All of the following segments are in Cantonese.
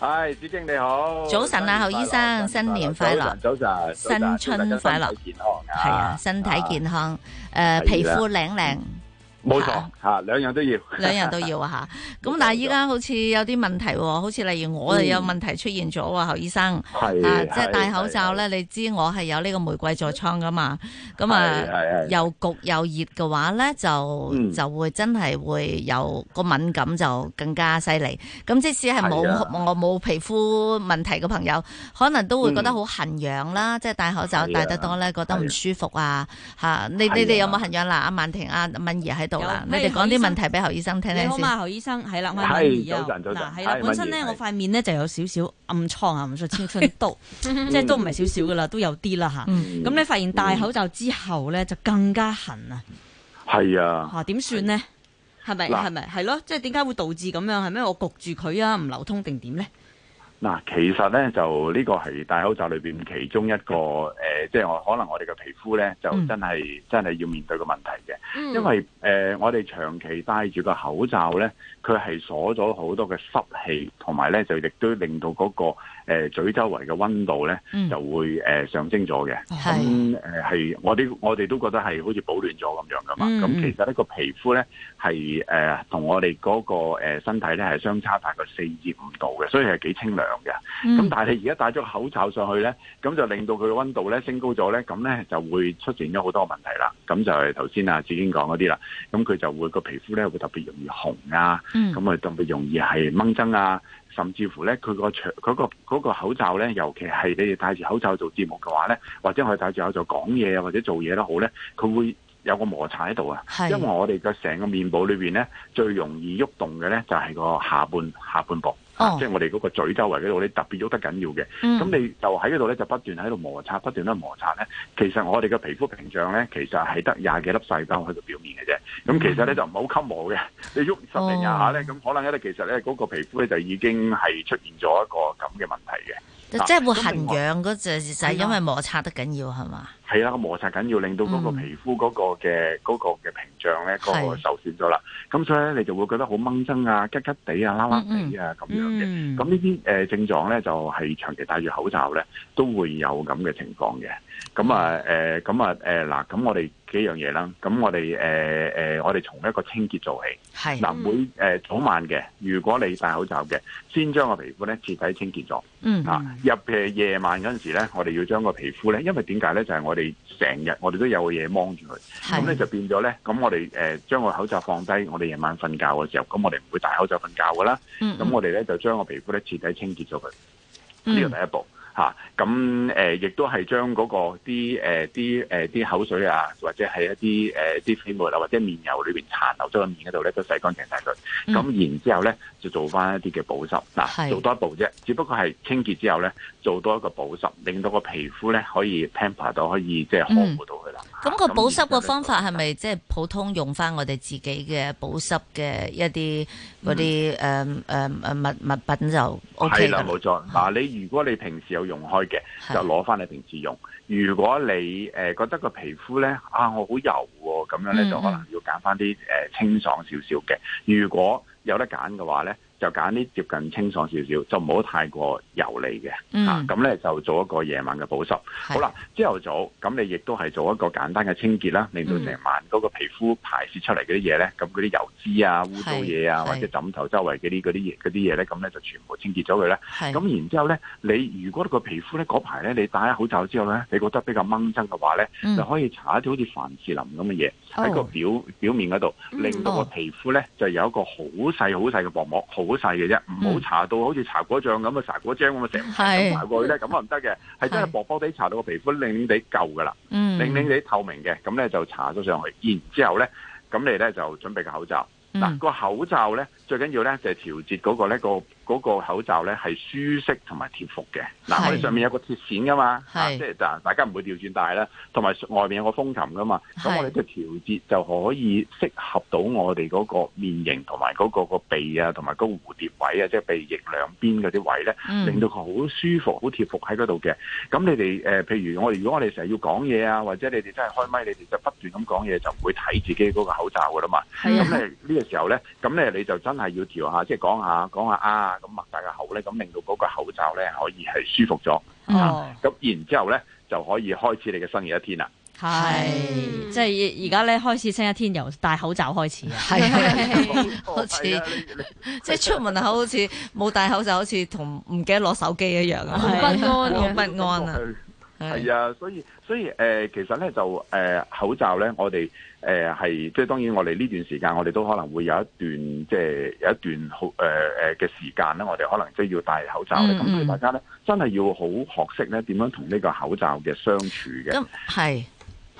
係，Hi, 子敬你好。早晨啊，侯醫生，新年快樂，早晨，早晨新春快樂，健康，啊，係啊，身體健康，誒，皮膚靚靚。冇錯，嚇兩樣都要，兩樣都要啊嚇！咁但係依家好似有啲問題喎，好似例如我啊有問題出現咗喎，侯醫生。係，即係戴口罩咧，你知我係有呢個玫瑰痤瘡噶嘛？咁啊，又焗又熱嘅話咧，就就會真係會有個敏感就更加犀利。咁即使係冇我冇皮膚問題嘅朋友，可能都會覺得好痕癢啦。即係戴口罩戴得多咧，覺得唔舒服啊！嚇你你哋有冇痕癢嗱？阿曼婷、阿敏儀喺度。好啦，你哋講啲問題俾侯醫生聽聽。你好嘛，侯醫生，係啦，我係李儀優啊，本身咧我塊面咧就有少少暗瘡啊，唔算超出，即係都唔係少少噶啦，都有啲啦吓。咁你發現戴口罩之後咧，就更加痕啊。係啊。啊，點算咧？係咪？係咪？係咯？即係點解會導致咁樣？係咩？我焗住佢啊，唔流通定點咧？嗱，其實咧就呢個係戴口罩裏面其中一個誒、呃，即係我可能我哋嘅皮膚咧就真係、嗯、真係要面對嘅問題嘅，嗯、因為誒、呃、我哋長期戴住個口罩咧，佢係鎖咗好多嘅濕氣，同埋咧就亦都令到嗰、嗰個、呃、嘴周圍嘅溫度咧、嗯、就會、呃、上升咗嘅。咁誒係我哋，我哋都覺得係好似保暖咗咁樣噶嘛。咁、嗯嗯、其實呢、呢個皮膚咧係誒同我哋嗰個身體咧係相差大概四至五度嘅，所以係幾清涼。嘅，咁、嗯、但係你而家戴咗個口罩上去咧，咁就令到佢溫度咧升高咗咧，咁咧就會出現咗好多問題啦。咁就係頭先啊志堅講嗰啲啦，咁佢就會個皮膚咧會特別容易紅啊，咁、嗯、啊特別容易係掹爭啊，甚至乎咧佢個長個個口罩咧，尤其係你哋戴住口罩做節目嘅話咧，或者我哋戴住口罩講嘢或者做嘢都好咧，佢會有個摩擦喺度啊。係，因為我哋嘅成個面部裏邊咧，最容易喐動嘅咧就係個下半下半部。即係我哋嗰個嘴周圍嗰度，你特別喐得緊要嘅。咁、嗯、你就喺嗰度咧，就不斷喺度摩擦，不斷喺度摩擦咧。其實我哋嘅皮膚屏障咧，其實係得廿幾粒細胞喺度表面嘅啫。咁、嗯、其實咧就唔係好吸磨嘅。你喐十零廿下咧，咁、嗯、可能咧其實咧嗰個皮膚咧就已經係出現咗一個咁嘅問題嘅。嗯、即係會痕癢嗰陣，就係因為摩擦得緊要係嘛？的係啦、啊，磨擦緊要令到嗰個皮膚嗰個嘅嗰個嘅屏障咧，嗰個受損咗啦。咁所以咧，你就會覺得好掹憎啊，咳咳地啊，拉拉地啊咁樣嘅。咁呢啲誒症狀咧，就係、是、長期戴住口罩咧，都會有咁嘅情況嘅。咁、嗯、啊誒，咁、呃、啊誒嗱，咁、呃、我哋幾樣嘢啦。咁我哋誒誒，我哋從一個清潔做起。係嗱是，嗯、每誒、呃、早晚嘅，如果你戴口罩嘅，先將個皮膚咧徹底清潔咗。嗯啊，入誒夜晚嗰陣時咧，我哋要將個皮膚咧，因為點解咧？就係、是、我。成日，整天我哋都有嘢蒙住佢，咁咧的、嗯、就變咗咧。咁我哋誒，將、呃、個口罩放低，我哋夜晚瞓覺嘅時候，咁我哋唔會戴口罩瞓覺㗎啦。咁我哋咧就將個皮膚咧徹底清潔咗佢，呢個第一步。咁亦、啊、都係將嗰個啲誒啲啲口水啊，或者係一啲啲飛沫啊，或者面油裏面殘留咗喺面嗰度咧，都洗乾淨曬佢。咁、嗯、然之後咧，就做翻一啲嘅保濕嗱，啊、是做多一步啫。只不過係清潔之後咧，做多一個保濕，令到個皮膚咧可以 pamper 到，可以即係呵護到佢啦。咁個、嗯啊、保濕嘅方法係咪即係普通用翻我哋自己嘅保濕嘅一啲嗰啲誒誒誒物物品就 O K 啦？冇錯、嗯。嗱、啊啊，你如果你平時有的用開嘅就攞翻嚟平時用。如果你誒、呃、覺得個皮膚咧啊，我好油喎、啊，咁樣咧、嗯、就可能要揀翻啲誒清爽少少嘅。如果有得揀嘅話咧。就揀啲接近清爽少少，就唔好太過油膩嘅。咁咧就做一個夜晚嘅補濕。好啦，朝頭早咁你亦都係做一個簡單嘅清潔啦，令到成晚嗰個皮膚排泄出嚟嗰啲嘢咧，咁嗰啲油脂啊、污糟嘢啊，或者枕頭周圍啲嗰啲嘢、嗰啲嘢咧，咁咧就全部清潔咗佢咧。咁是然之後咧，你如果個皮膚咧嗰排咧你戴好口罩之後咧，你覺得比較掹憎嘅話咧，嗯、就可以搽一啲好似凡士林咁嘅嘢喺個表表面嗰度，嗯哦、令到個皮膚咧就有一個好細好細嘅薄膜。好細嘅啫，唔好搽到好似搽果醬咁啊，搽果漿咁啊，成塊咁埋過去咧，咁啊唔得嘅，係真係薄薄地搽到個皮膚，令令地舊噶啦，令令地透明嘅，咁咧就搽咗上去，然之後咧，咁你咧就準備個口罩，嗱個、嗯啊、口罩咧最緊要咧就係調節嗰個呢個。嗰個口罩咧係舒適同埋貼服嘅，嗱、啊、我哋上面有個鐵線噶嘛，是啊、即係大家唔會調轉戴啦，同埋外面有個風琴噶嘛，咁是我哋就調節就可以適合到我哋嗰個面型同埋嗰個個鼻啊，同埋個蝴蝶位啊，即係鼻翼兩邊嗰啲位咧，令到佢好舒服、好貼服喺嗰度嘅。咁、嗯、你哋誒、呃，譬如我哋如果我哋成日要講嘢啊，或者你哋真係開咪，你哋就不斷咁講嘢，就唔會睇自己嗰個口罩噶啦嘛。咁咧呢個時候咧，咁咧你就真係要調下，即係講下講下啊～咁擘大個口咧，咁令到嗰個口罩咧可以係舒服咗、哦、啊！咁然之後咧，就可以開始你嘅新嘅一天啦。係是，嗯、即係而家咧開始新一天由戴口罩開始啊！係，好似即係出門口好似冇戴口罩， 好似同唔記得攞手機一樣啊！好不安，好 不安啊！係啊，所以所以誒、呃，其實咧就誒、呃、口罩咧，我哋誒係即係當然，我哋呢段時間我哋都可能會有一段即係有一段好誒誒嘅時間咧，我哋可能即係要戴口罩咁、嗯嗯、大家咧真係要好學識咧點樣同呢個口罩嘅相處嘅、嗯。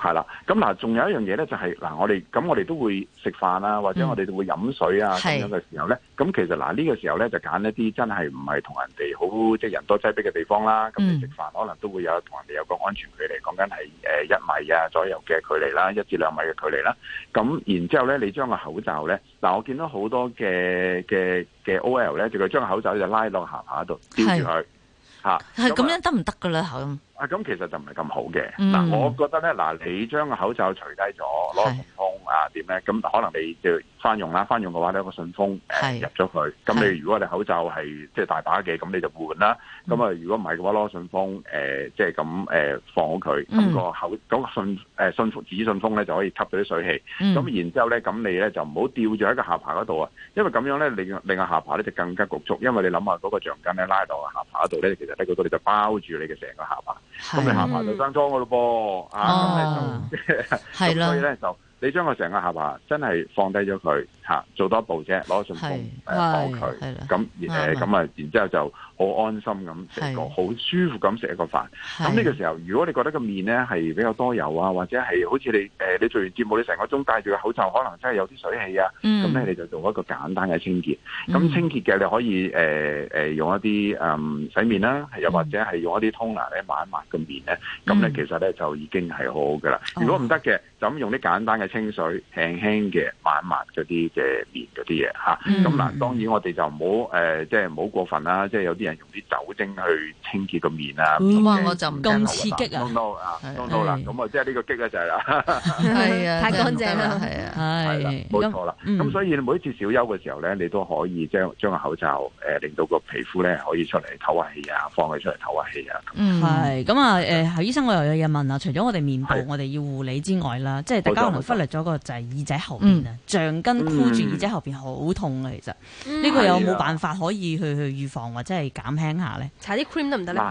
係啦，咁嗱，仲有一樣嘢咧，就係嗱，我哋咁我哋都會食飯啦、啊，或者我哋都會飲水啊咁樣嘅時候咧，咁的其實嗱呢個時候咧，就揀一啲真係唔係同人哋好即係人多擠迫嘅地方啦。咁食、嗯、飯可能都會有同人哋有個安全距離，講緊係誒一米啊左右嘅距離啦，一至兩米嘅距離啦。咁然之後咧，你將個口罩咧，嗱我見到好多嘅嘅嘅 O L 咧，OL, 就佢將個口罩就拉落下巴度，吊住佢。吓，係咁樣得唔得噶咧？口。啊，咁其實就唔係咁好嘅。嗱、嗯，我覺得咧，嗱，你將個口罩除低咗，攞咁可能你就翻用啦。翻用嘅話咧，個信封誒入咗去。咁你如果你口罩係即係大把嘅，咁你就換啦。咁啊，如果唔係嘅話，攞個信封誒，即係咁誒放好佢。咁個口個信誒信封紙信封咧，就可以吸到啲水氣。咁然之後咧，咁你咧就唔好吊住喺個下巴嗰度啊，因為咁樣咧，另另下巴咧就更加局促。因為你諗下嗰個橡筋咧拉到下巴嗰度咧，其實咧佢哋就包住你嘅成個下巴，咁你下巴就生瘡噶咯噃啊！咁咧咁，所以咧就。你將個成個下巴真係放低咗佢吓，做多一步啫，攞信封誒幫佢，咁誒咁啊，然之後就好安心咁食個好舒服咁食一個飯。咁呢個時候，如果你覺得個面咧係比較多油啊，或者係好似你誒你做完節目你成個鐘戴住個口罩，可能真係有啲水氣啊，咁咧你就做一個簡單嘅清潔。咁清潔嘅你可以誒用一啲誒洗面啦，又或者係用一啲通牙咧抹一抹個面咧，咁咧其實咧就已經係好好噶啦。如果唔得嘅，就咁用啲簡單嘅。清水輕輕嘅抹一抹嗰啲嘅面嗰啲嘢嚇，咁嗱當然我哋就唔好誒，即係唔好過分啦，即係有啲人用啲酒精去清潔個面啊。哇！我就唔咁刺激啊。n 啦，咁啊即係呢個激咧就係啦。係啊，太乾淨啦，係啊，係啦，冇錯啦。咁所以每一次小休嘅時候咧，你都可以將將個口罩誒，令到個皮膚咧可以出嚟唞下氣啊，放佢出嚟唞下氣啊。嗯，咁啊誒，侯醫生，我又有嘢問啊。除咗我哋面部我哋要護理之外啦，即係大家嚟咗個就係耳仔後邊啊，嗯、橡筋箍住耳仔後邊好痛啊！嗯、其實呢、嗯、個有冇辦法可以去去預防或者係減輕下咧？搽啲 cream 得唔得咧？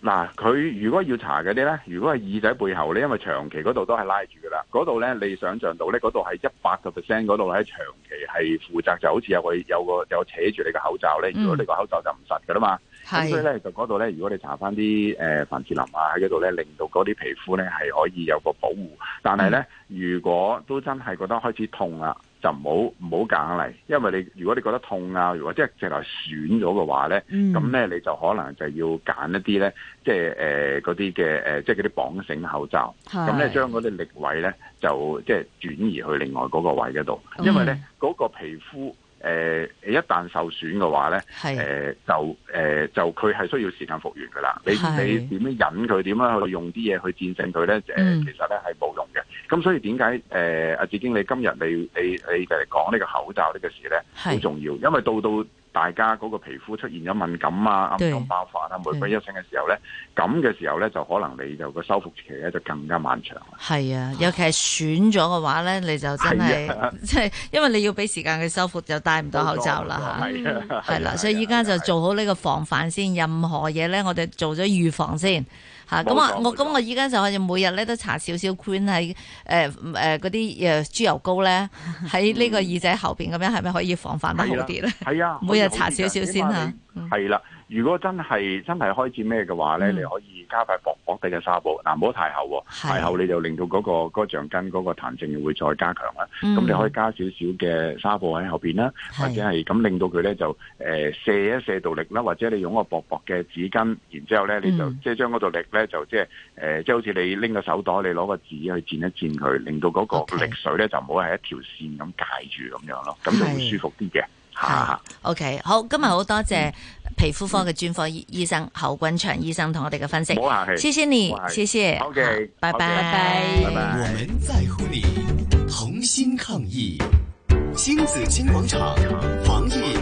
嗱，佢如果要搽嗰啲咧，如果係耳仔背後咧，因為長期嗰度都係拉住噶啦，嗰度咧你想象到咧，嗰度係一百個 percent 嗰度係長期係負責，就好似有個有個有扯住你個口罩咧，如果你個口罩就唔實噶啦嘛，咁所以咧就嗰度咧，如果你搽翻啲誒凡士林啊喺嗰度咧，令到嗰啲皮膚咧係可以有個保護，但係咧、嗯、如果都真係覺得開始痛啦。就唔好唔好揀嚟，因為你如果你覺得痛啊，如果即係直頭損咗嘅話咧，咁咧、嗯、你就可能就要揀一啲咧，即係誒嗰啲嘅誒，即係嗰啲綁繩口罩，咁咧將嗰啲力位咧就即係、即係、轉移去另外嗰個位嗰度，嗯、因為咧嗰個皮膚。誒、呃，一旦受損嘅話咧，誒、呃、是就誒、呃、就佢係需要時間復原噶啦。你是你點樣引佢？點樣去用啲嘢去戰勝佢咧？誒、嗯，其實咧係冇用嘅。咁所以點解誒，阿、呃、志經理今日你你你誒講呢個口罩呢個事咧，好是重要，因為到到。大家嗰個皮膚出現咗敏感啊，暗瘡爆發啊，每蚊一清嘅時候咧，咁嘅時候咧就可能你就個修復期咧就更加漫長。係啊，尤其係損咗嘅話咧，你就真係即係，因為你要俾時間去修復，就戴唔到口罩啦嚇。係啦，所以依家就做好呢個防範先。任何嘢咧，我哋做咗預防先嚇。咁啊，我咁我依家就我哋每日咧都搽少少 cream 喺誒誒嗰啲誒豬油膏咧，喺呢個耳仔後邊咁樣，係咪可以防範得好啲咧？係啊，每日。搽少少先啦、啊，係啦、嗯。如果真係真係開始咩嘅話咧，嗯、你可以加塊薄薄嘅紗布，嗱、啊，唔好太厚、哦，是太厚你就令到嗰、嗰個嗰、嗰個、橡筋嗰個彈性會再加強啦。咁、嗯、你可以加少少嘅紗布喺後邊啦，是或者係咁令到佢咧就誒卸、呃、一卸度力啦，或者你用個薄薄嘅紙巾，然之後咧你就、嗯、即係將嗰度力咧就即係誒，即係好似你拎個手袋，你攞個紙去墊一墊佢，令到嗰個力水咧 Okay, 就唔好係一條線咁界住咁樣咯，咁就會舒服啲嘅。吓、啊啊、OK，好，今日好多謝皮膚科嘅專科醫生侯鈞翔醫生同我哋嘅分析，唔好客氣，謝謝你，是謝謝，OK，拜拜，拜拜，我們在乎你，同心抗疫，星子金廣場防疫。